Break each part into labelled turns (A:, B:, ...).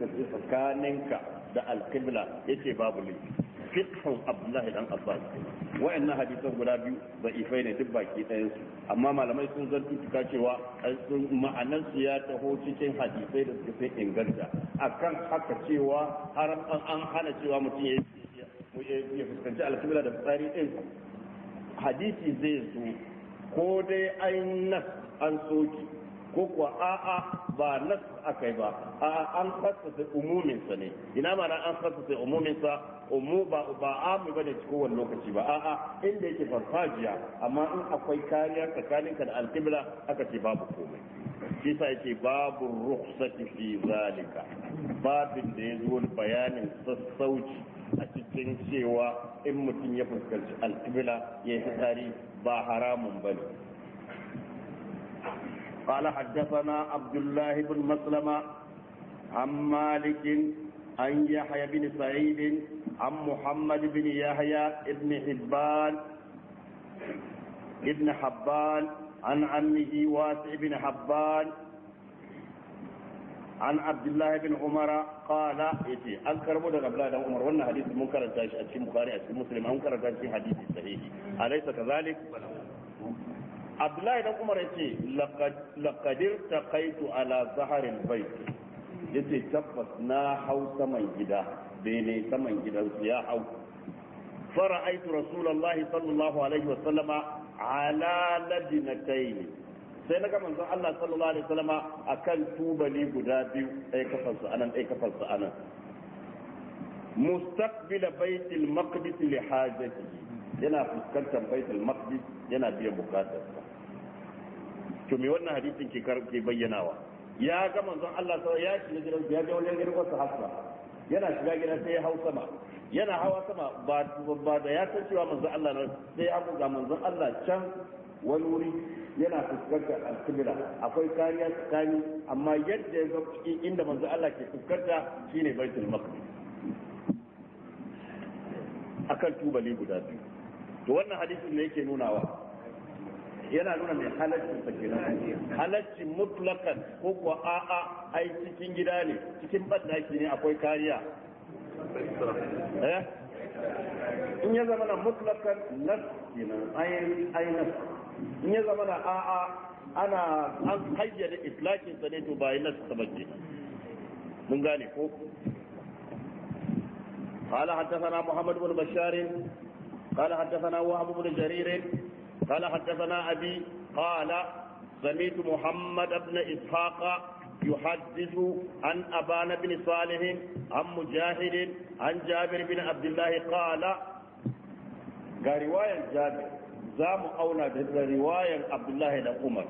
A: kasance tsakaninka da alqibla yace babu ne fiqhu abdullah dan abbas wa'annan hadisan guda biyu ifai ne duk baki ɗayan su amma malamai sun zantu tuka cewa ma'anar su ya taho cikin hadisai da suka sai inganta akan haka cewa har an hana cewa mutum ya yi fuskanci alkibla da tsari din hadisi zai zo ko dai an nas an soki ko kuwa a'a ba nas yi ba a an khassasa umuminsa ne ina mana an khassasa umuminsa umu ba ba amu bane cikin wannan lokaci ba a'a inda yake farfajiya amma in akwai kariya tsakaninka da alqibla aka ce babu komai shi sa yake babu rukhsati fi zalika babin da ya zo bayanin sassauci a cikin cewa in mutum ya fuskanci alqibla ya yi tsari ba haramun bane قال حدثنا عبد الله بن مسلم عن مالك عن يحيى بن سعيد عن محمد بن يحيى بن حبان ابن حبان عن عمه واسع بن حبان عن عبد الله بن عمر قال ايتي انكر مو دغ عبد عمر wannan hadisi mun karanta shi a cikin bukhari a cikin muslim mun karanta shi abdullahi dan umar yace laqadir taqaitu ala zaharil bait yace tabbas na hau saman gida bene saman gidan su ya hau فرأيت رسول الله صلى الله عليه وسلم على لجنتين sai na ga manzon Allah sallallahu alaihi wa sallama akan tubali guda biyu ɗaya su anan ɗaya su anan mustaqbila baitul maqdis li hajatihi yana fuskantar baitul maqdis yana biyan bukatarsa to me wannan hadisin ke ke bayyanawa ya ga manzon Allah sai ya shiga gidan ya ga wajen gidan wasu hasra yana shiga gidan sai ya hau sama yana hawa sama ba da ya san cewa manzon Allah na sai ya buga manzon Allah can wani wuri yana fuskantar alkibira akwai kariya tsakani amma yadda ya ga inda manzon Allah ke fuskanta shine baitul maqdis akan tubali guda biyu to wannan hadisin ne yake nunawa yana nuna mai halarci halaccin sa kenan halarci mutlakan ko kuwa a'a ai cikin gida ne cikin bandaki ne akwai kariya eh? in ya zama na mutlakan nas kenan ai in ya zama na a'a ana an hayyana islakin sa ne to ba nas ta bace mun gane ko قال حدثنا محمد بن بشار قال حدثنا وهب بن جرير قال حدثنا أبي قال سمعت محمد بن إسحاق يحدث عن أبان بن صالح عن مجاهد عن جابر بن عبد الله قال رواية جابر زام أولى رواية عبد الله بن عمر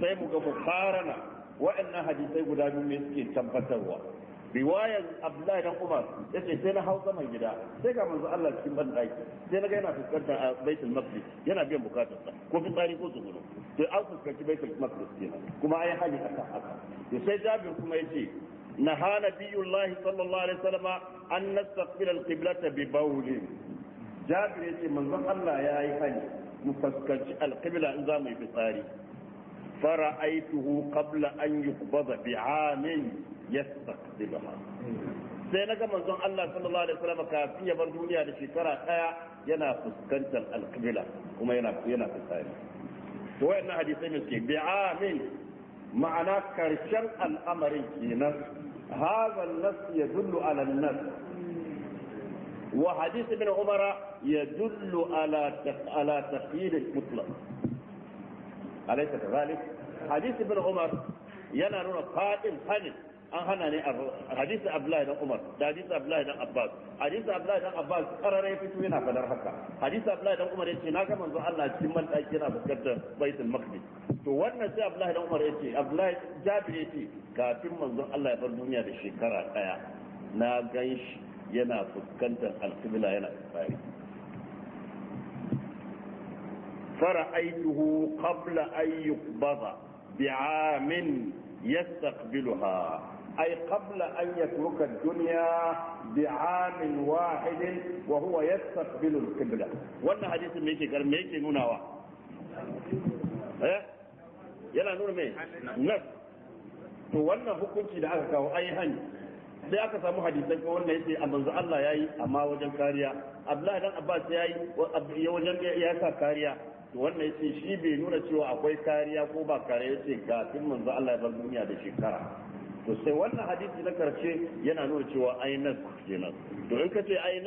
A: سيبقى مقارنة وإن حديثي قدام مسكين تبتوا riwayar abdullahi dan umar yace sai na hau saman gida sai ga manzo Allah cikin ban daki sai na ga yana fuskantar a ah, baitul maqdis yana biyan bukatarsa ko fitsari ko zuhuru sai an fuskanci baitul maqdis kenan kuma ayi hali akan haka to sai jabir kuma yace نهى نبي الله صلى الله عليه وسلم أن نستقبل القبلة ببول جابر يتي من الله يا أيها مفسكج القبلة نظام بصاري فرأيته قبل أن يقبض بعام yastaqbiluha sai na ga manzon Allah sallallahu alaihi wasallam kafin ya bar duniya da shekara daya yana fuskantar alqibla kuma yana yana fitsari to wayannan hadisai ne suke bi'amin ma'ana karshen al'amarin kenan hadha an-nas yadullu ala an-nas وحديث ابن عمر يدل على على تقييد المطلق أليس كذلك؟ حديث ابن yana ينال قائم حنف an hana ne hadisi abdullahi dan umar da hadisi abdullahi dan abbas hadisi abdullahi dan abbas karara ya fito yana fadar haka hadisi abdullahi dan umar yace na ga manzo Allah cikin man daki yana da baitul maqdis to wannan sai abdullahi dan umar yace abdullahi jabir yace kafin manzo Allah ya bar duniya da shekara daya na ganshi yana fuskantar alqibla yana tsari فرأيته قبل أن يقبض بعام يستقبلها أي قبل أن يترك الدنيا بعام واحد وهو يستقبل القبلة وأن حديث ميكي قال ميكي نونا إيه يلا نور مي نفس to wannan hukunci da aka kawo ai hani sai aka samu hadisan ko wannan yace a manzo Allah yayi amma wajen kariya Abdullahi dan Abbas yayi ya wajen ya sa kariya to wannan yace shi bai nuna cewa akwai kariya ko ba kariya yace ga tun manzo Allah ya bar duniya da shekara to sai wannan hadisi na karshe yana nuna cewa ai nas kenan to in ka ce ai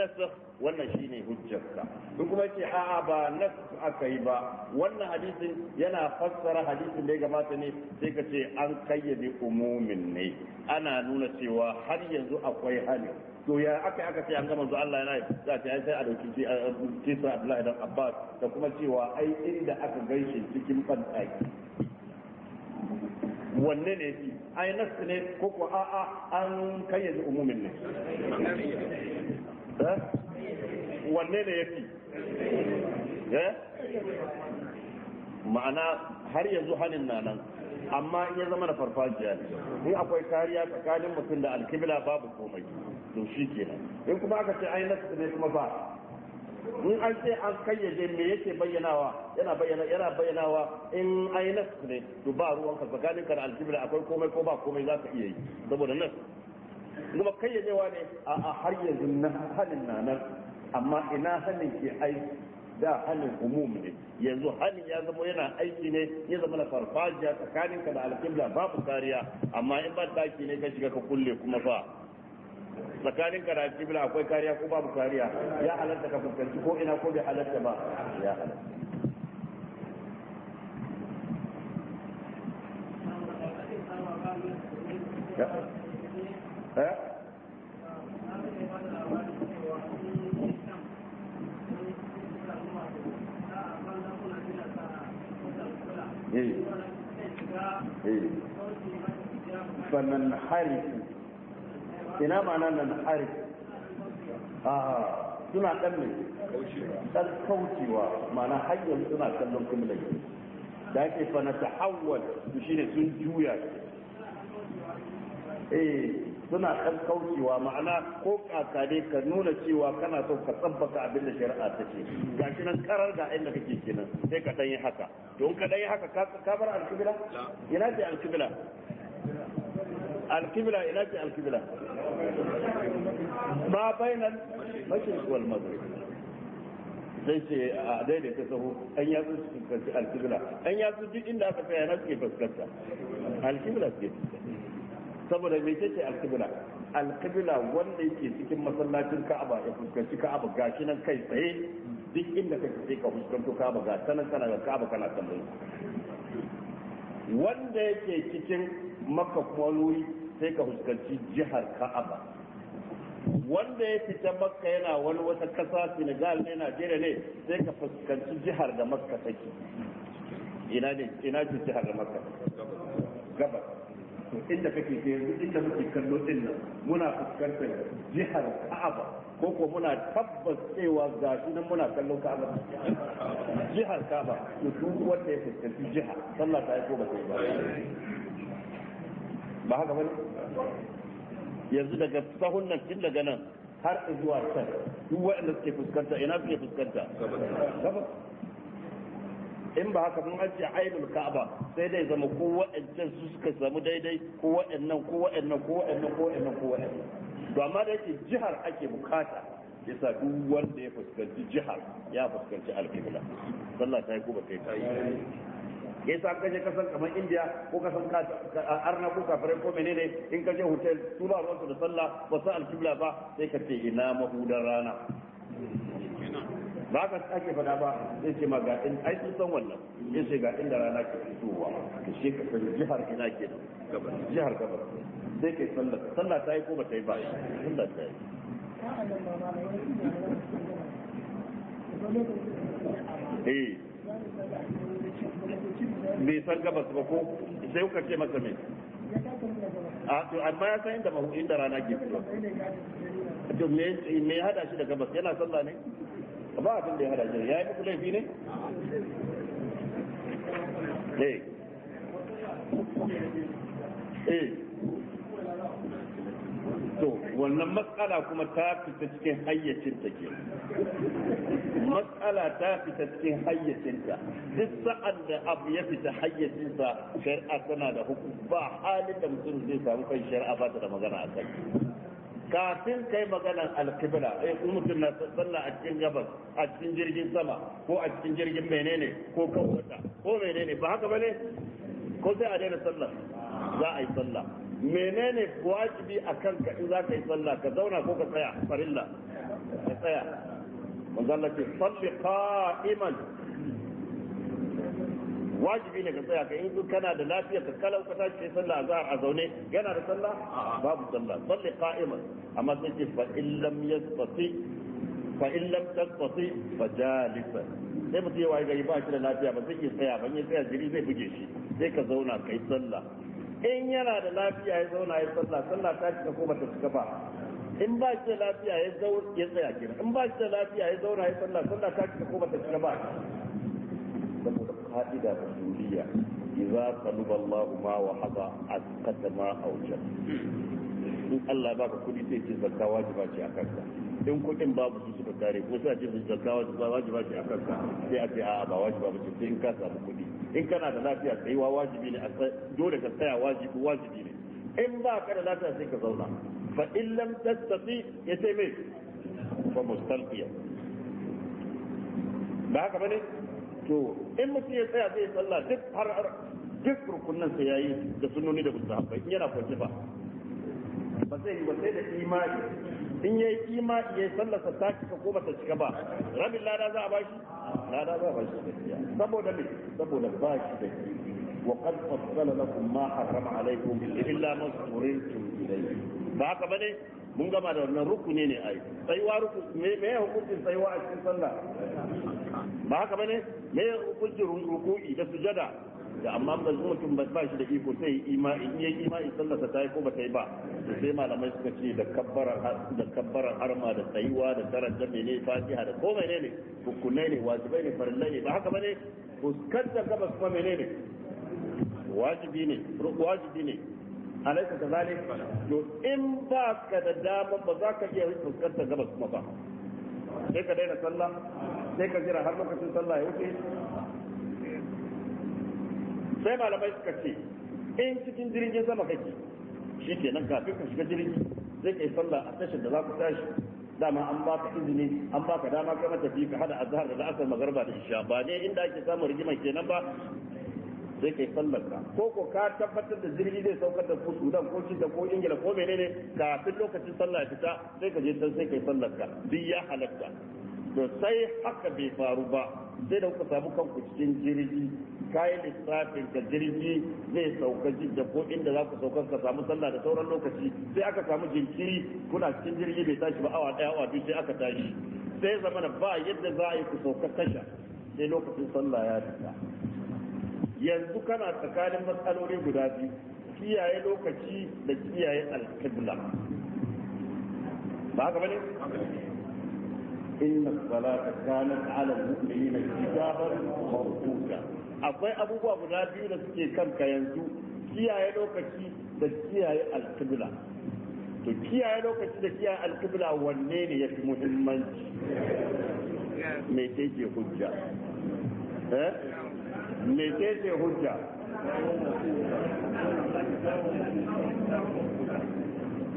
A: wannan shine hujjarka in kuma ce a'a ba nas aka yi ba wannan hadisin yana fassara hadisin da ya gabata ne sai ka ce an kayyade umumin ne ana nuna cewa har yanzu akwai hali to ya aka aka ce an gama zuwa Allah yana za ta yi sai a dauki kisa Abdullahi dan Abbas da kuma cewa ai inda aka gaishe cikin bandaki wanne ne shi ai nas ne ko ko a'a an kayyaje umumin ne
B: eh? wanne ne yafi
A: eh? ma'ana har yanzu hanin na nan amma in ya zama na farfajiya ne in akwai kariya tsakanin mutum da alkibla babu komai to shi kenan in kuma aka ce ai nas ne kuma ba in an ce an kayyade me yake bayyanawa yana bayyana yana bayyanawa in ai nas ne to ba ruwan ka tsakanin ka da aljibla akwai komai ko ba komai za ka iya yi saboda nas kuma kayyadewa ne a har yanzu na halin nanar amma ina halin ke aiki da halin umum ne yanzu halin ya zama yana aiki ne ya zama na farfajiya tsakaninka da alƙibla babu kariya amma in ba taki ne ka shiga ka kulle kuma fa tsakanin ka da kibla akwai kariya ko babu kariya ya halatta ka fuskanci ko ina ko bai halatta ba ya halatta فمن ina ma'ana nan hari a suna ɗan ɗan kaucewa ma'ana hanyar suna kallon kumlai da ake fana ta hawar su shi ne sun juya eh suna ɗan kaucewa ma'ana ko kaka ne ka nuna cewa kana son ka tsabbaka abin da shari'a ta ce ga shi nan karar ga inda kake kenan sai ka ɗan yi haka don ka ɗan yi haka ka bar alkibila ina ce alkibila alkibla ina ce alkibla ba bainan mashriq wal maghrib zai ce a daidaita sahu an yatsu su fuskanci alkibla an yatsu duk inda aka tsaya na suke fuskanta alkibla suke saboda mai ce ce alkibla alkibla wanda yake cikin masallacin ka'aba ya fuskanci ka'aba gashi nan kai tsaye duk inda ka sai ka fuskanto ka'aba ga sanan kana ga ka'aba kana tambayi. wanda yake cikin makka kuma wuri sai ka fuskanci jihar ka'aba wanda ya fita makka yana wani wata kasa senegal ne najeriya ne sai ka fuskanci jihar da makka take ina ne ina ce jihar da makka gabas inda kake ke yanzu inda muke kallo din nan muna fuskantar jihar ka'aba ko ko muna tabbas cewa ga shi nan muna kallon ka'aba jihar ka'aba to duk wanda ya fuskanci jihar sallah ta yi ko ba ta yi ba ba haka bane yanzu daga sahun nan tun daga nan har zuwa can duk waɗanda suke fuskanta ina suke fuskanta in ba haka mun ajiye ainihin ka'aba sai dai zama ko waɗancan su suka samu daidai ko waɗannan ko waɗannan ko waɗannan ko waɗannan ko waɗannan to amma da yake jihar ake bukata yasa duk wanda ya fuskanci jihar ya fuskanci alƙibla sallah ta yi ko ba kai ta yi yasa ka je kasan kamar India ko kasan arna ko kafirai ko menene in ka je hotel su ba da sallah ba sa alkibla ba sai ka ce ina mahudar rana ba ka ake fada ba zai ce ma ga in ai sun san wannan zai ce ga inda rana ke fitowa ka shi ka san jihar ina ke nan jihar gabas sai kai sallah sallah ta yi ko ba ta yi ba sallah ta yi eh bai san gabas ba ko sai kuka ce masa me a to amma ya san inda mahu inda rana ke fito to me me hada shi da gabas yana sallah ne ba abin da ya hada shi yayi muku laifi ne eh eh to wannan matsala kuma ta fita cikin hayyacin take matsala ta fita cikin hayyacinta duk sa'an da abu ya fita hayyacinsa shari'a tana da hukum ba halin da mutum zai samu kan shari'a ba ta da magana a kai kafin kai maganar alkibla eh mutum na sallah a cikin gabas a cikin jirgin sama ko a cikin jirgin menene ko kan wata ko menene ba haka bane ko sai a daina sallah za a yi sallah menene wajibi a kanka in za ka yi sallah ka zauna ko ka tsaya farilla ka tsaya manzala ce salli qa'iman wajibi ne ka tsaya ka in kana da lafiya ka kala ka tashi kai sallah za a zaune yana da sallah babu sallah salli qa'iman amma sai ce fa in lam yastati fa in lam tastati fa jalisa sai mutum ya wayi gari ba shi da lafiya ba zai iya tsaya ba in tsaya jiri zai buge shi sai ka zauna kai sallah in yana da lafiya ya zauna ya sallah sallah ta cika ko ta cika ba in ba shi da lafiya ya zaur ya tsaya kira in ba shi da lafiya ya zaur ya sallah sallah ta cika ko bata cika ba saboda ka'ida rasuliyya idza qaluba Allah ma wa a asqata ma wajen.
B: in
A: Allah ba ka kudi sai ce zakka wajiba ce a kanka in kudin babu su suka kare ko sai ce zakka wajiba wajiba ce a kanka sai a ce a'a ba wajiba ba ce sai in ka samu kudi in kana da lafiya wa wajibi ne a dole ka tsaya wajibi wajibi ne in ba ka da lafiya sai ka zauna fa in lam tastati yace mai fa mustalqiya ba haka bane to in mutum ya tsaya zai sallah duk har duk rukunan sai yayi da sunnoni da musahabai in yana kwance ba ba zai yi ba sai da imani in yayi imani yayi sallar sa ta cika ko ta cika ba rabin lada za a bashi lada za a bashi saboda me saboda ba shi da وقد فصل لكم ما حرم عليكم الا ما اضطررتم اليه ba haka bane mun gama da wannan rukuni ne ai tsayuwa rukuni me me hukuncin tsayuwa a cikin sallah ba haka bane me hukuncin ruku'i da sujada da amma ba mutum ba shi da iko sai ima in yayi in sallah ta yi ko ba ta yi ba sai malamai suka ce da kabbara da kabbara arma da tsayuwa da daraja mene fatiha da ko mene ne hukunai ne wajibai ne farillai ne ba haka bane fuskantar gabas kuma mene ne wajibi ne wajibi ne alaika ka zane to in ba ka da dama ba za ka iya fuskantar gabas kuma ba sai ka daina sallah sai ka jira har lokacin sallah ya wuce sai malamai suka ce in cikin jirgin sama kake shi ke nan kafin ka shiga jirgin sai ka yi sallah a tashin da za ku tashi dama an ba ka izini an ba ka dama kai matafi ka hada azhar da la'asar magarba da isha ba ne inda ake samun rigimar kenan ba sai kai sallar ko ko ka tabbatar da jirgi zai saukar da ko Sudan ko Cinta ko Ingila ko menene kafin lokacin sallah ya fita sai ka je can sai kai sallar ka duk ya halatta to sai haka bai faru ba sai da kuka samu kanku cikin jirgi kayan lissafin ka jirgi zai sauka jirgi ko inda za ku sauka ka samu sallah da sauran lokaci sai aka samu jinkiri kuna cikin jirgi bai tashi ba awa daya awa biyu sai aka tashi sai zamana ba yadda za a yi ku sauka tasha sai lokacin sallah ya fita yanzu kana tsakanin matsaloli guda biyu kiyaye lokaci da kiyaye alƙibla ba ka bane inna salata kanat ala al-mu'minina kitaban mawquta akwai abubuwa guda biyu da suke kanka yanzu kiyaye lokaci da kiyaye alƙibla to kiyaye lokaci da kiyaye alƙibla wanne ne yafi muhimmanci me take hujja eh mecece hujja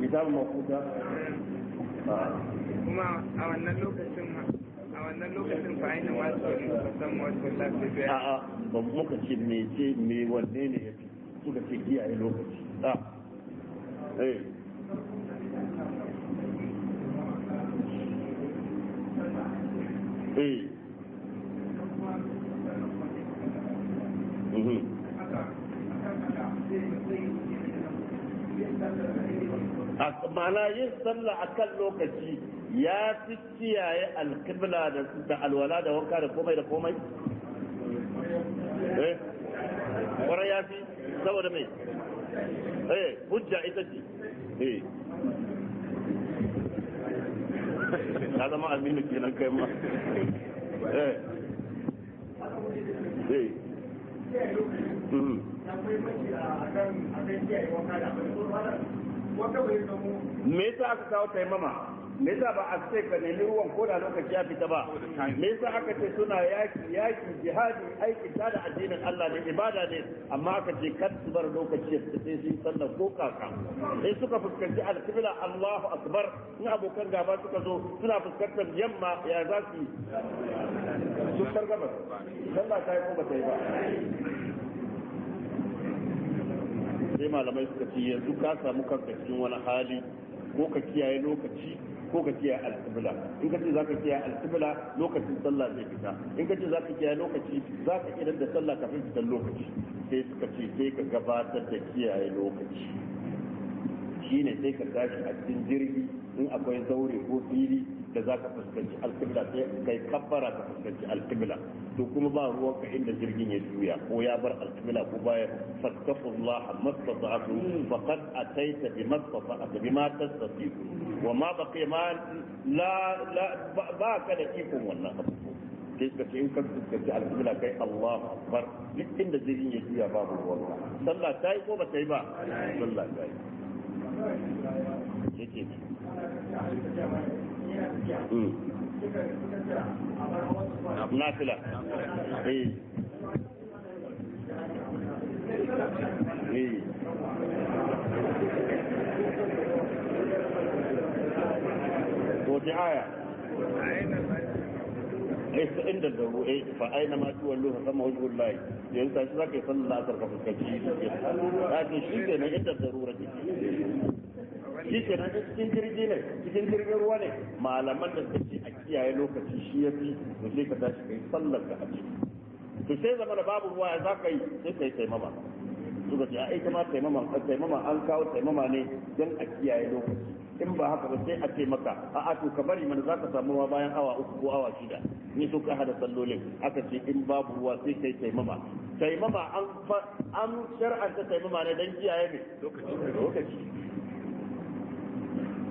A: kitabun
B: kuma a wannan lokacin ma a wannan lokacin
A: fa ainihin wasu ba muka ce mece me wanne ne ya fi suka ce kiyaye lokaci a ah. eh eh
B: ma'ana
A: yin sallah a kan lokaci ya fi kiyaye alkibla da alwala da wanka da komai da komai eh kwarai ya fi saboda mai eh hujja ita ce eh ya zama aminu kenan kai ma
B: eh eh Mm. me
A: yasa aka kawo taimama me yasa ba a ce ka nemi ruwan da lokaci ya fita ba me yasa aka ce suna yaki yaki jihadi aiki ta da addinin Allah ne ibada ne amma aka ce kar su bar lokaci ya fita sai sallar ko kaka sai suka fuskanci alkibla Allahu akbar in abokan gaba suka zo suna fuskantar yamma ya za su sun sallah ta yi ko ba ta yi ba sai malamai suka ce yanzu ka samu kanka cikin wani hali ko ka kiyaye lokaci ko ka kiyaye alƙibla in ka ce za ka kiyaye alƙibla lokacin sallah zai fita in ka ce za ka kiyaye lokaci za ka idan da sallah kafin fitar lokaci sai suka ce sai ka gabatar da kiyaye lokaci shine sai ka tashi a cikin jirgi in akwai zaure ko fili da za ka fuskanci alƙibla sai kai kabbara ka fuskanci alƙibla to kuma ba ruwan ka inda jirgin ya juya ko ya bar alkibla ko baya fattaqullah mastata'tu faqad ataita bi mastata'tu bima tastati wa ma baqiya ma la la ba ka da ikon wannan abu kai ka ce in ka fuskanci alkibla kai Allah akbar duk inda jirgin ya juya babu ruwan sallah ta yi ko ba ta yi ba
B: sallah ta yi yake ne hmm.
A: نافلة إيه إيه ودعاية إيه عند الدعوة إيه فأين ما تقول له فما وجه الله يقول يعني تأشرك يصلي الله أكبر في الكجيل لكن شو كان عند الضرورة دي shi ke nan cikin jirgi ne cikin jirgin ruwa ne malaman da suke a kiyaye lokaci shi ya fi to sai ka tashi kai sallar ka a ciki to sai zama da babu ruwa ya za ka yi sai ka yi taimama suka ce ai ita ma taimama taimama an kawo taimama ne don a kiyaye lokaci in ba haka ba sai a taimaka a a to ka bari mana za ka samu ruwa bayan awa uku ko awa shida ni so ka hada sallolin aka ce in babu ruwa sai kai taimama taimama an an shar'anta taimama ne don kiyaye ne lokaci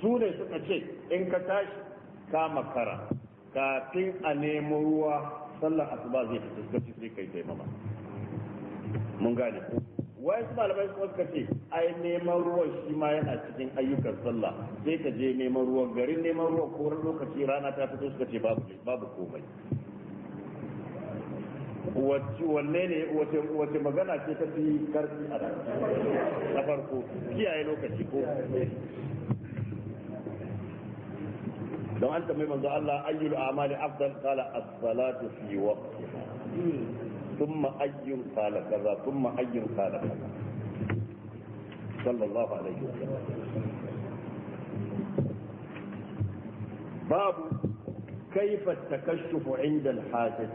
A: su ne suka ce in ka tashi ka makara kafin a nemo ruwa sallar asuba zai fi suka sai kai taimama mun gane ku wai su malamai su suka ce ai neman ruwan shi ma yana cikin ayyukan sallah sai ka je neman ruwan garin neman ruwan ko lokaci rana ta fito suka ce babu babu komai wacce wanne ne wacce magana ce ta fi karfi a na farko kiyaye lokaci ko don an tambayi manzo Allah ayyul a'mali afdal qala as-salatu fi waqtiha thumma ayyun qala kaza thumma ayyun qala kaza sallallahu alaihi wa sallam babu kaifa takashshufu inda al-hajat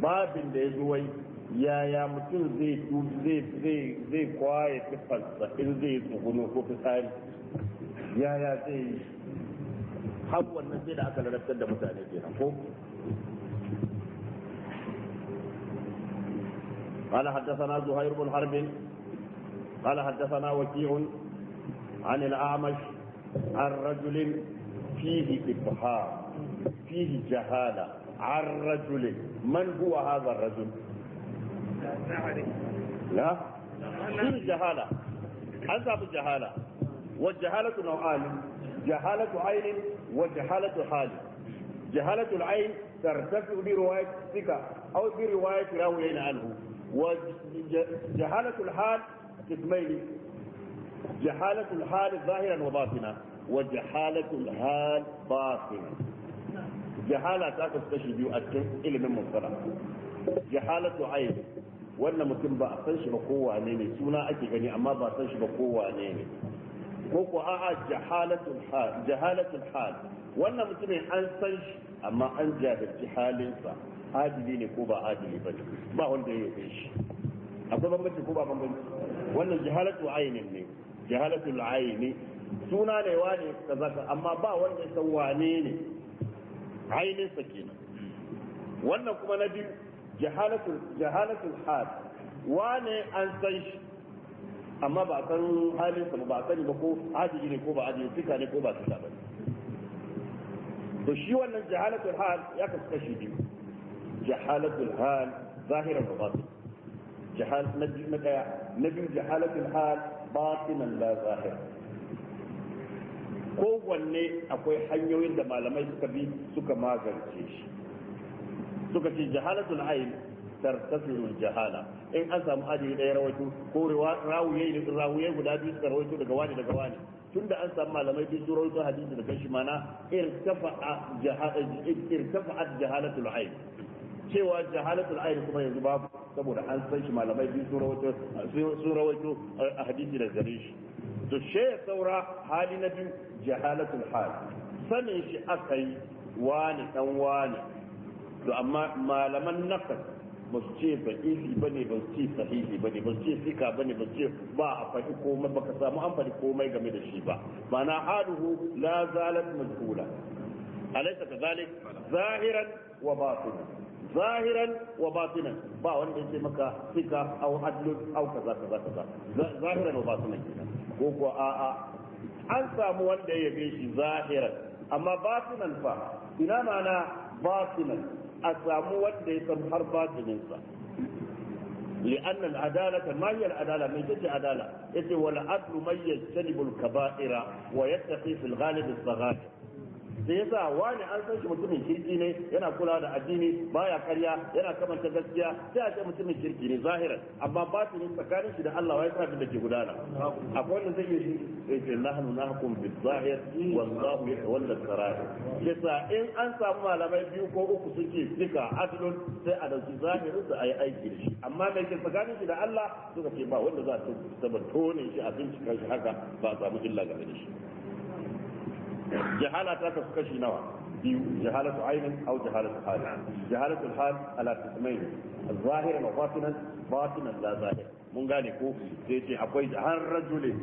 A: babin da yazo wai yaya mutum zai zai zai kwaye tufarsa in zai tsuguno ko tsari? yaya zai yi har wannan sai da aka larabtar da mutane kenan ko قال حدثنا زهير بن حرب قال حدثنا وكيع عن الأعمش عن رجل فيه إبهام فيه جهالة عن رجل من هو هذا الرجل لا فيه جهالة عذاب الجهالة والجهالة نوعان جهالة عين وجهالة حال جهالة العين ترتفع برواية ثقة أو برواية راوي عنه وجهالة الحال قسمين جهالة الحال ظاهرا وباطنا وجهالة الحال باطنا جهالة تأكل تشرب يؤكد إلى من مصدر جهالة عين وأنا مسلم بقى تشرب قوة shi سونا kowa ne أما بقى تشرب قوة amma ko ko a'a jahalatul hal jahalatul hal wannan mutumin an san shi amma an jahilci halinsa adili ne ko ba adili ba ne ba wanda ya yi shi akwai bambanci ko ba bambanci wannan jahalatu ainin ne jahalatul aini suna ne wane kaza amma ba wanda ya san wane ne ainin sa kenan wannan kuma na biyu jahalatul jahalatul hal wane an san shi amma ba a san halin sa ba a sani ba ko ajiji ne ko ba ajiji fika ne ko ba fika ba to shi wannan jahalatul hal ya kasu kashi biyu jahalatul hal zahiran da batin jahal na biyu na daya na biyu jahalatul hal batinan la zahir kowanne akwai hanyoyin da malamai suka bi suka magance shi suka ce jahalatul ayn tartasir jahala in an samu hadisi da ya rawaito ko rawuye rawuye guda biyu suka rawaito daga wani daga wani tunda an samu malamai biyu su rawaito hadisi daga shi mana irtafa irtafa'at jahalatul ayn cewa jahalatul ayn kuma yanzu babu saboda an san shi malamai biyu su rawaito su rawaito a eh, hadisi da gare shi to she saura hali na biyu jahalatul hal sanin shi akai wani dan wani to amma malaman nafas masuce su ce ba ne ba ci ce sahihi ba ne ba ce sika ba ne ba ce ba a faɗi komai ba ka samu an faɗi komai game da shi ba mana haduhu la zalat mazkura alaysa kadhalik zahiran wa batinan zahiran wa batinan ba wanda yake maka sika au adlun au kaza kaza kaza zahiran wa batinan ko ko a a an samu wanda ya yabe shi zahiran amma batinan fa ina mana batinan a samu wanda ya san har batininsa لأن العدالة ما هي العدالة؟ من جد عدالة؟ ولا أكل من يجتنب الكبائر ويتقي في الغالب الصغائر sai yasa wani an san shi mutumin kirki ne yana kula da addini baya karya yana kamanta gaskiya sai a ce mutumin kirki ne zahiran amma ba ne tsakanin shi da Allah wai sai da ke gudana akwai wanda zai yi shi eh, nahnu nahkum bil zahir wallahu yatawalla sarair yasa in an samu malamai biyu ko uku suke fika adlun sai a dauki zahirin su ayi aiki da shi amma mai ke tsakanin shi da Allah suka ce ba wanda za ta ne shi a bincika shi haka ba a samu illa game da shi jahala ta kasu kashi nawa biyu jahalatu ainin aw jahalatu hali jahalatu hal ala qismayn zahira wa batinan batinan la zahir mun gane ko sai ce akwai har rajulin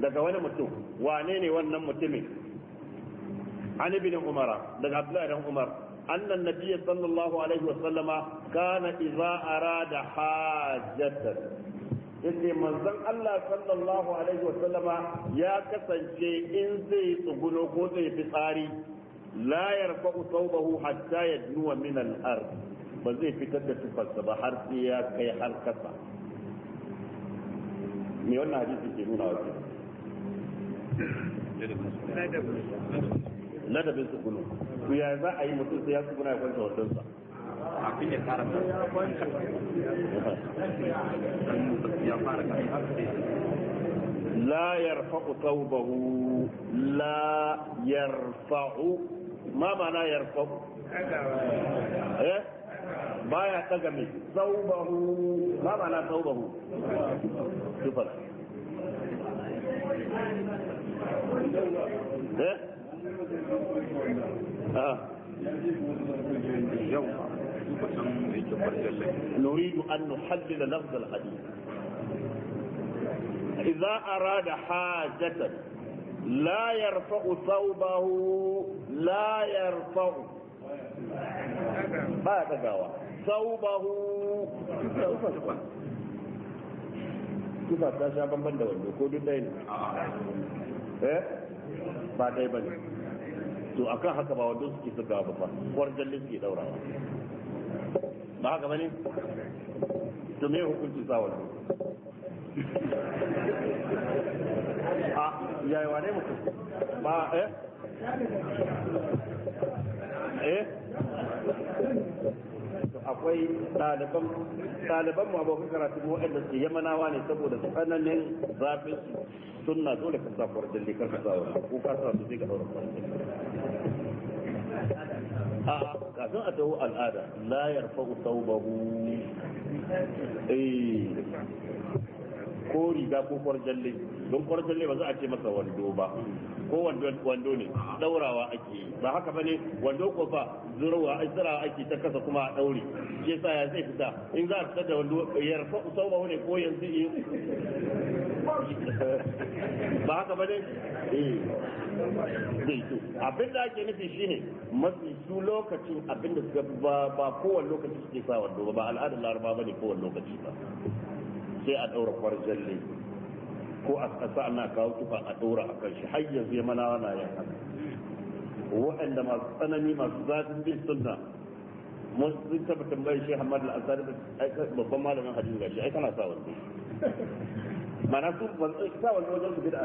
A: daga wani mutum wane ne wannan mutumin an ibn umar daga abdullahi dan umar annan nabiyyi sallallahu alaihi wa sallama kana idza arada hajatan yace manzon Allah sallallahu alaihi wasallama ya kasance in zai tsuguno ko zai fitsari la yarfa'u thawbahu hatta yadnuwa min al-ard ba zai fitar da tufarsa ba har sai ya kai har kasa me wannan hadisi ke nuna wa ladabin tsuguno ku ya za a yi mutum sai ya tsuguna ya kwanta wasansa لا يرفع ثوبه لا يرفع ما معنى يرفع؟ ما يعتقد ثوبه ما معنى ثوبه؟
B: شوف ايه؟ اه يوم
A: نريد أن نحلل لفظ الحديث إذا أراد حاجة لا يرفع لا يرفع ما ta sha da wando ko duk ne eh ba dai ba ne to akan haka ba wanda suke gaba ba kwarjan daurawa ba haka bane to me hukunci sa wato a yayi wane mutum ba eh eh akwai ɗaliban ɗaliban mu abokan karatu mu wanda su yamanawa ne saboda tsananin zafin sunna dole ka sa kwarjalli kar ka sa wani ko ka sa su sai ka ɗaura kafin a taho al'ada la yarfa thawbahu eh ko riga ko kwarjalle don kwarjalle ba za a ce masa wando ba ko wando ne daurawa ake yi ba haka bane wando ko ba zurawa a zurawa ake ta kasa kuma a daure shi yasa ya zai fita in za a fita da wando yarfa usauba ne ko yanzu eh. ba haka ba ne? zai eh, abin da ake nufi shine mafi su lokacin abin da suka ba ba kowanne lokaci suke sa wando ba al'adar laraba ne kowanne lokaci ba sai a daura kwarjalle ko a sa ana kawo tufa a daura akan shi har yanzu ya mana wana ya haka waɗanda masu tsanani masu zafin bin sunna mun sun taɓa tambayar shi hamadu al babban malamin hadin gashi ai kana sa wando mana su ba su sa wani wajen su bid'a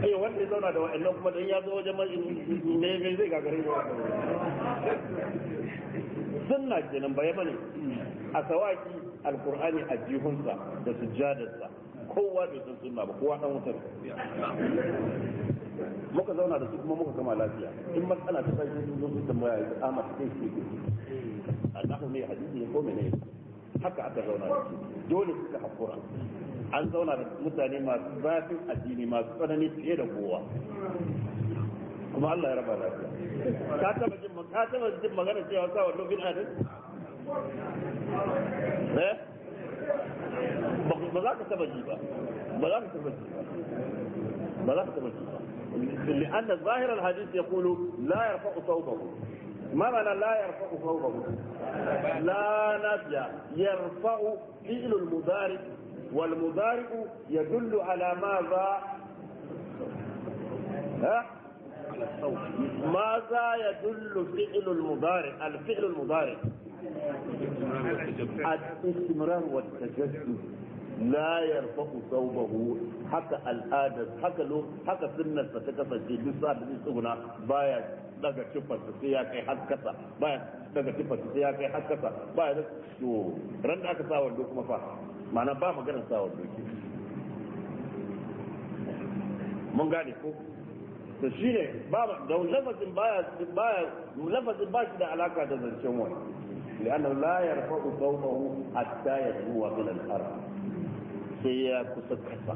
A: ne ai eh, wanda ya zauna da wa'annan kuma dan ya zo wajen ne ne zai gagare shi sunna kenan ba ya bane a sawaki alqur'ani a jihunsa da sujjadarsa kowa bai san sunna ba kowa dan wutar muka zauna da su kuma muka kama lafiya in matsala ta sai sun zo su tambaya ya amma sai shi yi annahu ne hadisi ne ko menene haka aka zauna da su dole suka hakura an zauna da mutane masu zafin addini masu tsanani fiye da kowa kuma Allah ya raba lafiya ka taba jin ka taba jin magana cewa sa wa lobin adin eh ba za ka taba ji ba ba za ka taba ji ba ba za ka taba ji ba لأن ظاهر الحديث يقول لا يرفع صوته ما معنى لا يرفع صوته لا نفي يرفع فعل المضارع والمضارع يدل على ماذا ها ماذا يدل فعل المضارع الفعل المضارع الاستمرار والتجدد لا يرفع ثوبه حتى الآدم حتى لو حتى سنة ستكسر في جسا بنسونا بايا daga tufarsa sai ya kai har kasa baya daga tufarsa sai ya kai har kasa baya da to ran da aka sa wando kuma fa mana ba maganar sawar doki mun gane ko to shi ba da lafazin
B: baya baya
A: lafazin ba shi da alaka da zancen wani لأنه لا يرفع صوته حتى bil al الأرض sai ya kusa kasa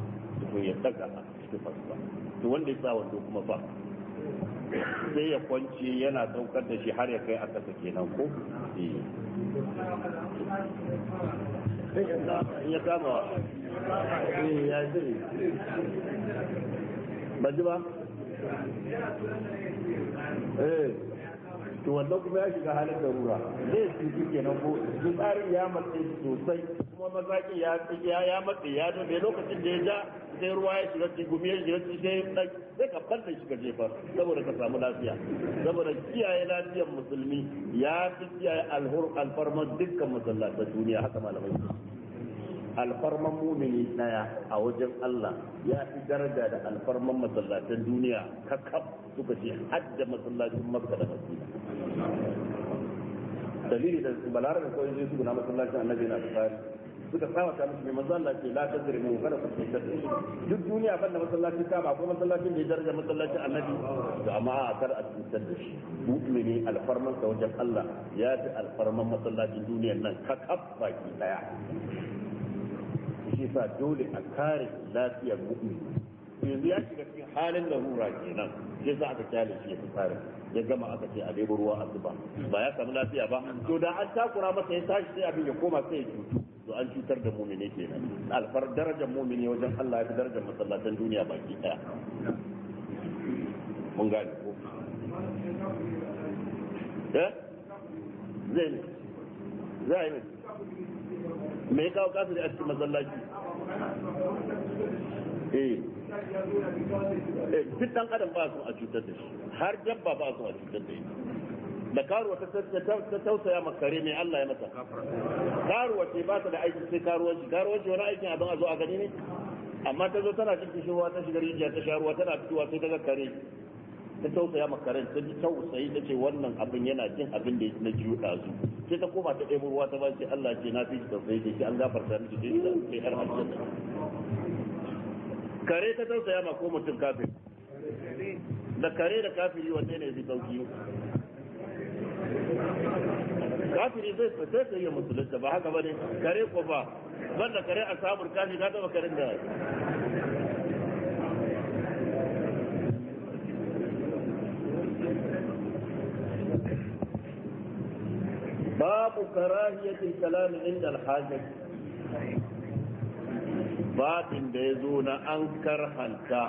A: to ya daga a tufarsa to wanda ya sa wando kuma fa sai ya kwance yana daukar da shi har ya kai a kasa kenan ko eh. ya eh, ya ba eh, to wannan kuma ya shiga halin darura zai cutu kenan ko tsarin ya matse sosai kuma mazaƙi ya matse ya zo lokacin da ya ja sai ruwa ya shiga cikin gumi ya shiga cikin sai ya ka kafar da shiga jefa saboda ka samu lafiya saboda kiyaye lafiyar musulmi ya fi kiyaye alhur alfarman dukkan masallatan duniya haka malamai alfarman mumini daya a wajen Allah ya fi daraja da alfarman masallatan duniya kakaf suka ce hadda masallacin makka da madina dalili da balarar da kawai zai su na masallacin annabi na tsari suka tsawata musu mai manzo Allah ce la mu kada ku ce tazrimu duk duniya banda masallacin ka ba ko masallacin da ya daraja masallacin annabi to amma a kar a cutar da shi mu'mini alfarman sa wajen Allah ya fi alfarman masallacin duniyar nan ka kakaf baki daya shi sa dole a kare lafiyar mu'mini yanzu ya shiga cikin halin da hura kenan sai za aka kyale shi ya fi ya gama aka ce a ɗebo ruwa a zuba ba ya samu lafiya ba to da an takura masa ya tashi sai abin ya koma sai ya cutu to an cutar da mumini kenan alfar darajar mumini wajen Allah ya fi darajar masallatan duniya baki daya mun gane ko eh zai zai me kawo kafiri a cikin masallaci eh
B: Eh, duk
A: dan adam ba su a cutar da shi har dabba ba su a cutar da shi. da karuwa ta tausaya makare mai Allah ya mata karuwa ce ba ta da aiki sai karuwanci karuwanci wani aikin abin a zo a gani ne amma ta zo tana cikin ruwa ta shiga rijiya ta sharuwa tana fitowa sai ta ga kare ta tausaya makare ta ji tausayi ta ce wannan abin yana jin abin da na jiyo su, sai ta koma ta ɗaya ruwa ta ba ce Allah ce na fi tausayi da shi an gafarta miki sai har aljanna kare ka tausaya ma ko mutum kafin da kare da kafiri wanne ne fi sauki kafiri zai fita ta yi musulunta ba haka bane kare ko ba banda kare a samun kafin ka taba karin da باب كراهية الكلام عند الحاجة babin da ya zo na an karhanta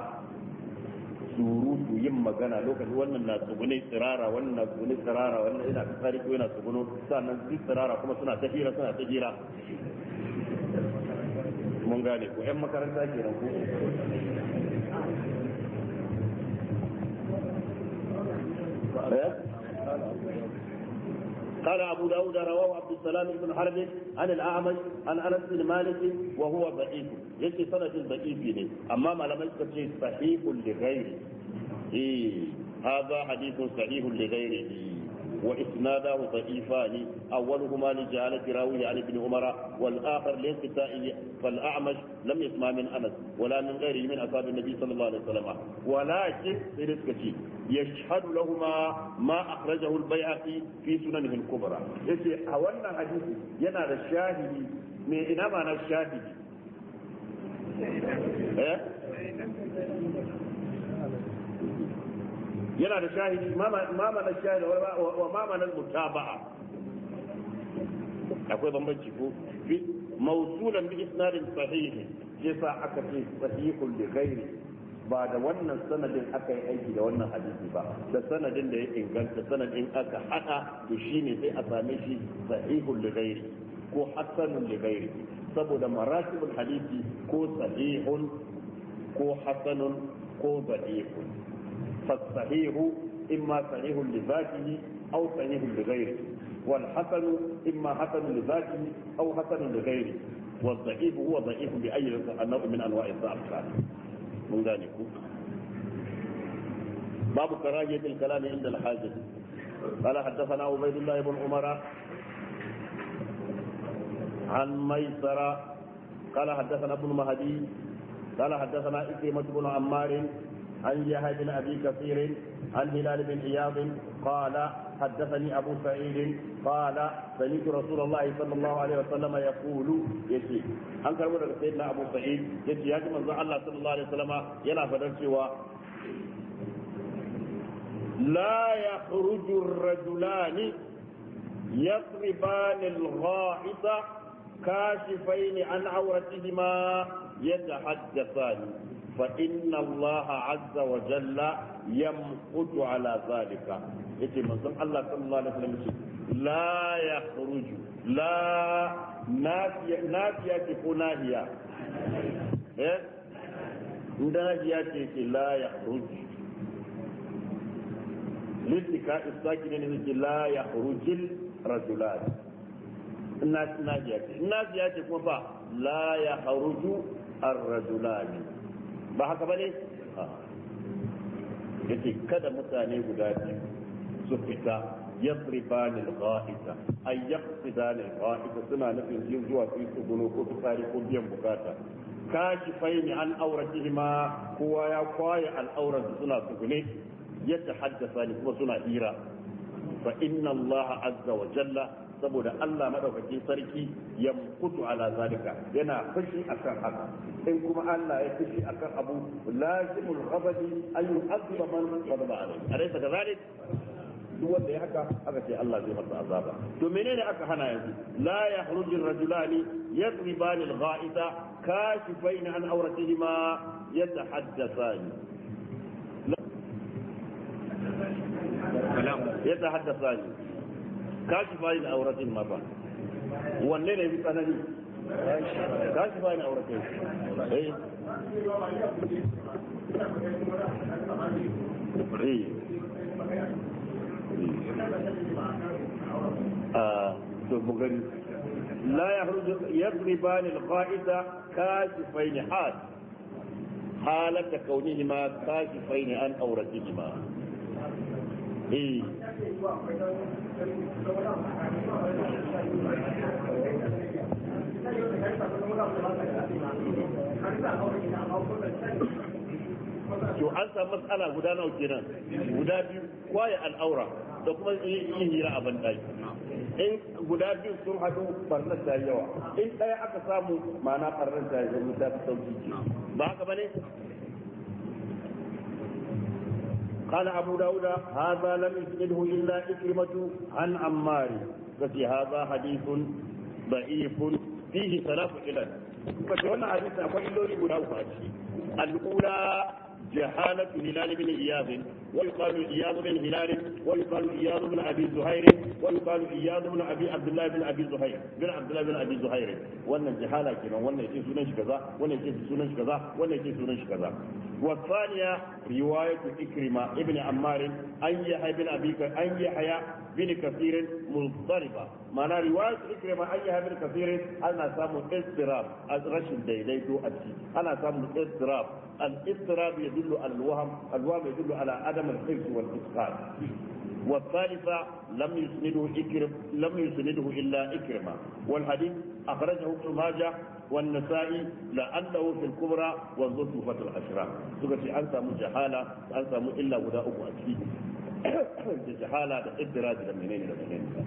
A: surutu yin magana lokacin wannan na tsugune tsirara wannan na tsugune tsirara wannan yana fitsari ko yana tsuguno sannan su tsirara kuma suna ta hira suna ta hira mun gane ko yan makaranta ke nan ko قال أبو داود رواه عبد السلام بن حرب عن الأعمش عن أنس بن مالك وهو ضعيف يجي سنة ضعيف يعني. أما ما لم يكن صحيح لغيره إيه هذا حديث صحيح لغيره وإسناده ضعيفان أولهما لجهالة راوي عن ابن عمر والآخر لانقطاعه فالأعمش لم يسمع من أنس ولا من غيره من أصحاب النبي صلى الله عليه وسلم ولكن في رزق يشهد لهما ما أخرجه البيعقي في سننه الكبرى يسي أولنا حديث ينا الشاهد من إنما الشاهد yana da shahidi ma mana shahidi wa ma mana mutaba'a akwai bambanci ko mausulan bi isnadin sahihi yasa aka ce sahihul ba da wannan sanadin aka yi aiki da wannan hadisi ba da sanadin da ya inganta sanadin aka hada to shine sai a same shi sahihul lighairi ko hasanul lighairi saboda maratibul hadisi ko sahihun ko hasanun ko dhaifun sahihu imma sahihul li aw sahihul lighairi wal hasanu imma hasanun li aw hasanun lighairi ghairihi والضعيف هو ضعيف بأي نوع من أنواع الضعف mun gane ku babu karahiyatul kalami inda al قال حدثنا عبيد الله بن عمر عن ميسرة قال حدثنا ابن مهدي قال حدثنا إكرمة بن عمار عن يحيى بن أبي كثير عن هلال بن عياض قال حدثني أبو سعيد قال سمعت رسول الله صلى الله عليه وسلم يقول يشي أنك أقول سيدنا أبو سعيد يجي يا جماعة الله صلى الله عليه وسلم يلا فدرسي لا يخرج الرجلان يضربان الغائط كاشفين عن عورتهما يتحدثان فإن الله عز وجل يمقت على ذلك يتي منظم الله صلى الله عليه وسلم لا يخرج لا نافية نافية ناهية إيه؟ ناهية لا يخرج لذلك الساكن الذي يعني لا يخرج الرجلان الناس ناهية ناهية كما لا يخرج الرجلان ba haka ba ne ah. kada mutane guda biyu su fita ya yadribani al-gha'ita ay yaqsidani al ra'ita suna nufin yin zuwa su tsuguno ko tsari ko biyan bukata ne an ma kowa ya kwaye al'auran suna tsugune yadda haddasa ni kuma suna hira fa inna Allah azza wa jalla saboda Allah madaukakin sarki ya mutu ala zalika yana fushi akan haka in kuma Allah ya fushi akan abu lazimul ghabadi an yu'adhiba man alayhi alaysa kadhalik duk wanda ya haka aka ce Allah zai masa azaba to menene aka hana yanzu la yahruju rajulani yadribani al kashifaina an awratihima yatahaddathani يتحدثان كاشف هذه الأورة مرة والليلة يبقى نجم كاشف هذه الأورة إيه إيه آه. بغل لا يخرج يضربان القائد كاشفين حال حالة كونهما كاشفين عن أورثهما Eh. to an
B: samu matsala guda
A: nawa kenan guda biyu kwaye al'aura da kuma yin hira a bandaki in guda biyu sun haɗu barnar ta yawa in ɗaya aka samu ma'ana barnar ta yawa ta sauki ba haka قال أبو داود هذا لم يسنده إلا إكرمة عن عمار ففي هذا حديث ضعيف فيه ثلاث علل فجعلنا حديثا فإن لوري الأولى جهالة هلال بن إياد ويقال إياد بن هلال ويقال إياد بن أبي زهير ويقال إياد بن أبي عبد الله بن أبي زهير بن عبد الله بن أبي زهير وأن الجهالة كنا وأن يجلس سنش كذا وأن يجلس سنش كذا وأن يجلس سنش كذا والثانية رواية إكرمة ابن عمار أن يحيى بن أبي أن يحيى بن كثير مضطربة معنى رواية إكرمة أيها بن كثير أنا سامو اضطراب رشد ديديتو أبشي أنا سامو اضطراب الاضطراب يدل على الوهم الوهم يدل على عدم الخلف والإسقاط والثالثة لم يسنده إكرم لم يسنده إلا إكرمة والحديث أخرجه ابن ماجه والنسائي لأنه في الكبرى وانظر في الأشرار الأشراف سكتي أنسى مجهالة أنت إلا وداء أكيد da jahala da iddiraji da menene da menene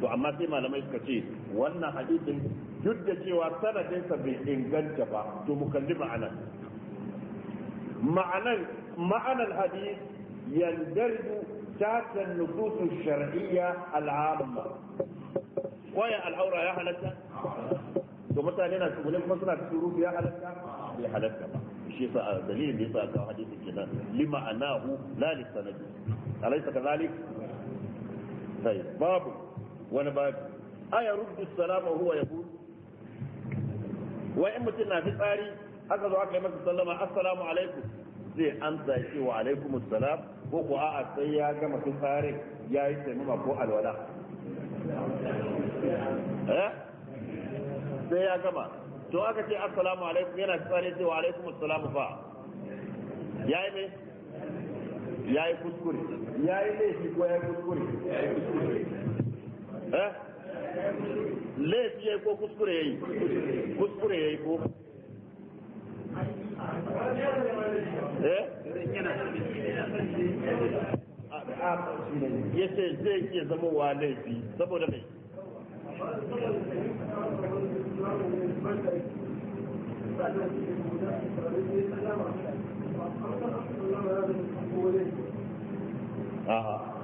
A: to amma sai malamai suka ce wannan hadisin duk da cewa sa bai inganta ba to mu kalli ma'anar ma'anar ma'anar hadis yandarju tata nusus shar'iyya al'amma waya al'aura ya halatta to mutane na tsugunin kuma suna
B: tsuru ya halatta bai
A: halatta ba shi yasa a dalilin da yasa ka hadisi kenan lima anahu la li alaysa kadhalik sai babu wani babu aya ruddu salama huwa yaqul wa in mutum na tsari aka zo aka yi masa sallama assalamu alaikum zai amsa ya ce wa alaikum assalam ko ko a'a sai ya gama fitsarin ya yi taimama ko alwala eh? sai ya gama to aka ce assalamu alaikum yana cewa ne cewa alaikum assalamu fa yayi ne yayi kuskure yayi shi ko yayi kuskure yayi kuskure eh laifi yayi ko kuskure yayi kuskure yayi ko eh yace zai iya zama wa laifi saboda mai
B: Aha.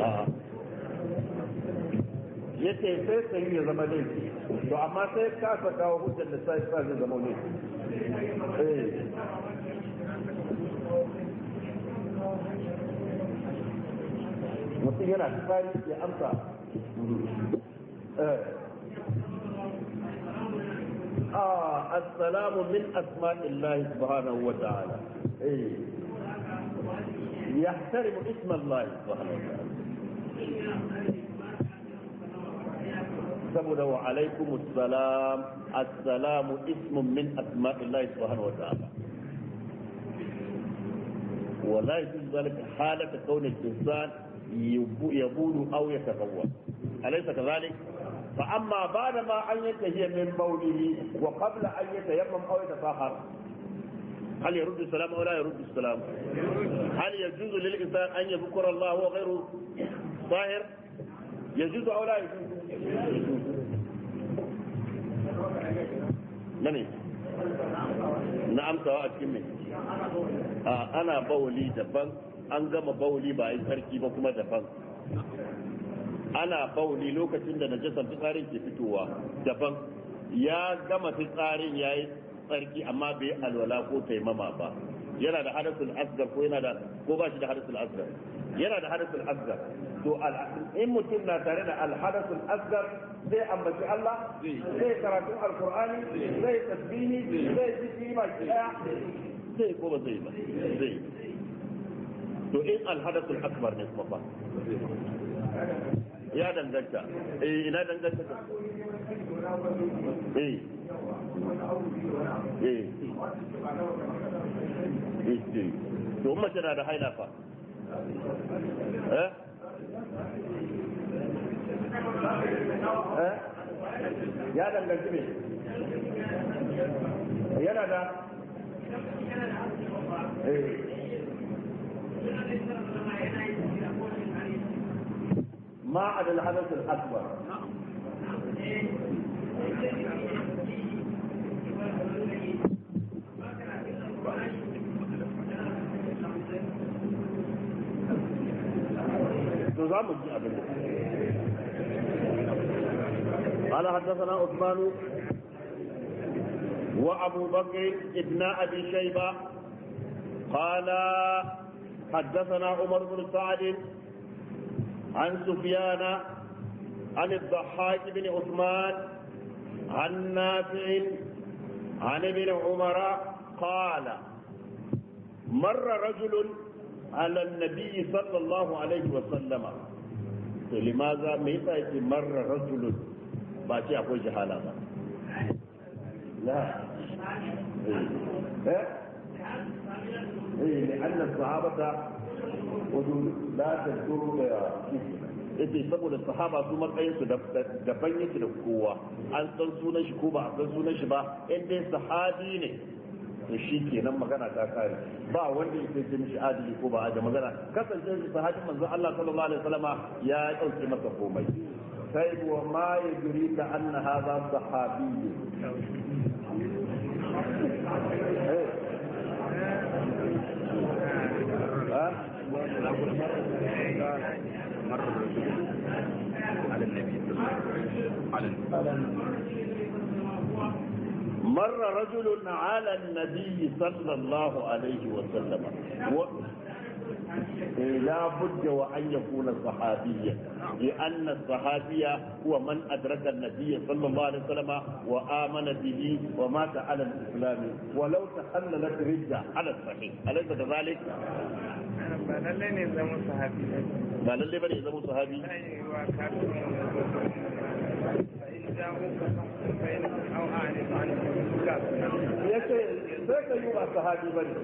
B: Aha.
A: yace sai sai ya zama laifi to amma sai ka ka kawo hujjar da sai sai ya zama laifi eh mutum yana tsari ya amsa eh آه السلام من أسماء الله سبحانه وتعالى إيه. يحترم اسم الله سبحانه وتعالى saboda wa alaikum assalam assalamu ismun min asma'illahi subhanahu wa ta'ala ولا يجوز ذلك حالة كون الإنسان يبول أو يتقوى أليس كذلك؟ fa amma ba da ma an yanta hiya min bawlihi wa qabla an هل يرد السلام ولا يرد السلام هل يجوز للإنسان أن يذكر الله وهو طاهر يجوز أو لا يجوز نعم نعم سواء كمي أنا بولي دبان an gama bauli ba a yi sarki ba kuma daban ana bauli lokacin da najasar fitsarin ke fitowa daban ya gama fitsarin ya yi tsarki amma bai alwala ko taimama ba yana da hadasul asgar ko yana da ko ba shi da hadasul asgar yana da hadasul asgar to in mutum na tare da alhadasul asgar zai ambaci Allah zai karatun alqur'ani zai tasbihi zai zikiri ba kiya zai ko ba zai ba zai to in alhadasul akbar ne kuma ba ya danganta eh ina danganta ka
B: eh eh eh
A: to mace na da haila fa
B: eh eh ya danganta me yana da eh ما عدا الحدث الأكبر
A: نظام قال حدثنا عثمان وابو بكر ابن ابي شيبه قال حدثنا عمر بن سعد عن سفيان عن الضحاك بن عثمان عن نافع عن ابن عمر قال مر رجل على النبي صلى الله عليه وسلم لماذا ميتا مر رجل باتي اكو جهاله لا إيه.
B: إيه؟, إيه لأن
A: الصحابة wajen la ta da saboda sahaba su matsayin su daban yake da kowa an san sunan shi ko ba a san sunan shi ba in dai sahabi ne to shi kenan magana ta kare ba wanda yake ce mishi adili ko ba a da magana kasance shi sahabin manzo Allah sallallahu alaihi wasallama ya dauke masa komai sai wa ma ka anna hadha sahabi
B: eh. مر على النبي
A: مر رجل على النبي صلى الله عليه وسلم لا بد وأن يكون صحابيا لأن الصحابي هو من أدرك النبي صلى الله عليه وسلم وآمن به ومات على الإسلام ولو تخللت رجة على الصحيح أليس كذلك؟
B: ba lallai ne zama sahabi ba lallai bane zama sahabi ya ce sai ka yi ba sahabi bane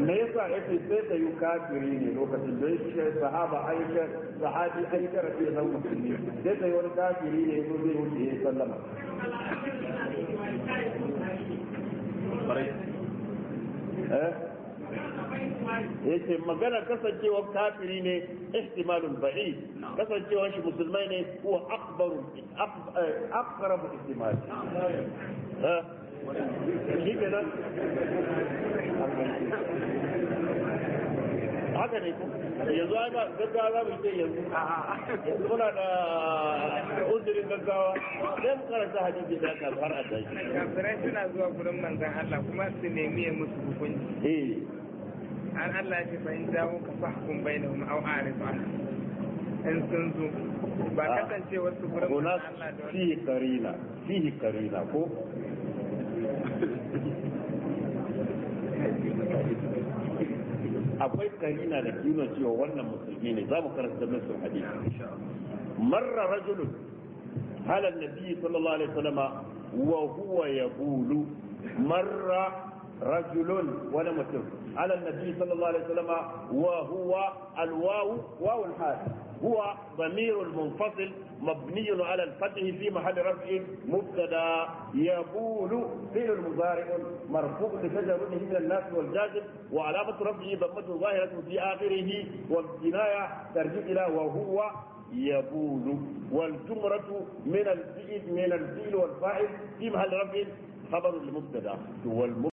A: me yasa yake sai da yi kafiri ne lokacin da yake sahaba aisha sahabi aisha rafi zan musulmi sai da yi wani kafiri ne yazo zai wuce ya sallama eh yace magana kasancewar kafiri ne ihtimalun ba'i kasancewar shi musulmai ne huwa akbaru eh, ihtimali haka ne yanzu ai ba gaggawa za mu ce yanzu Allah kuma su nemi ya musu hukunci eh. an Allah ce fa in da muka fahkum bainahum aw a'rif in sun zo ba ah, kasance wasu gurin Allah da wani fihi karina fihi karina ko akwai karina da kino cewa wannan musulmi ne za mu karanta musu hadisi marra rajulun halal nabi sallallahu alaihi wasallama wa huwa yaqulu marra رجل ولا متم على النبي صلى الله عليه وسلم وهو الواو واو الحال هو ضمير منفصل مبني على الفتح في محل رفع مبتدا يبول فعل مضارع مرفوع بتجرده من الناس والجازم وعلامة رفعه ضمته ظاهرة في آخره والكناية ترجع إلى وهو يبول والجمرة من الفعل من الفعل والفاعل في محل رفع خبر المبتدا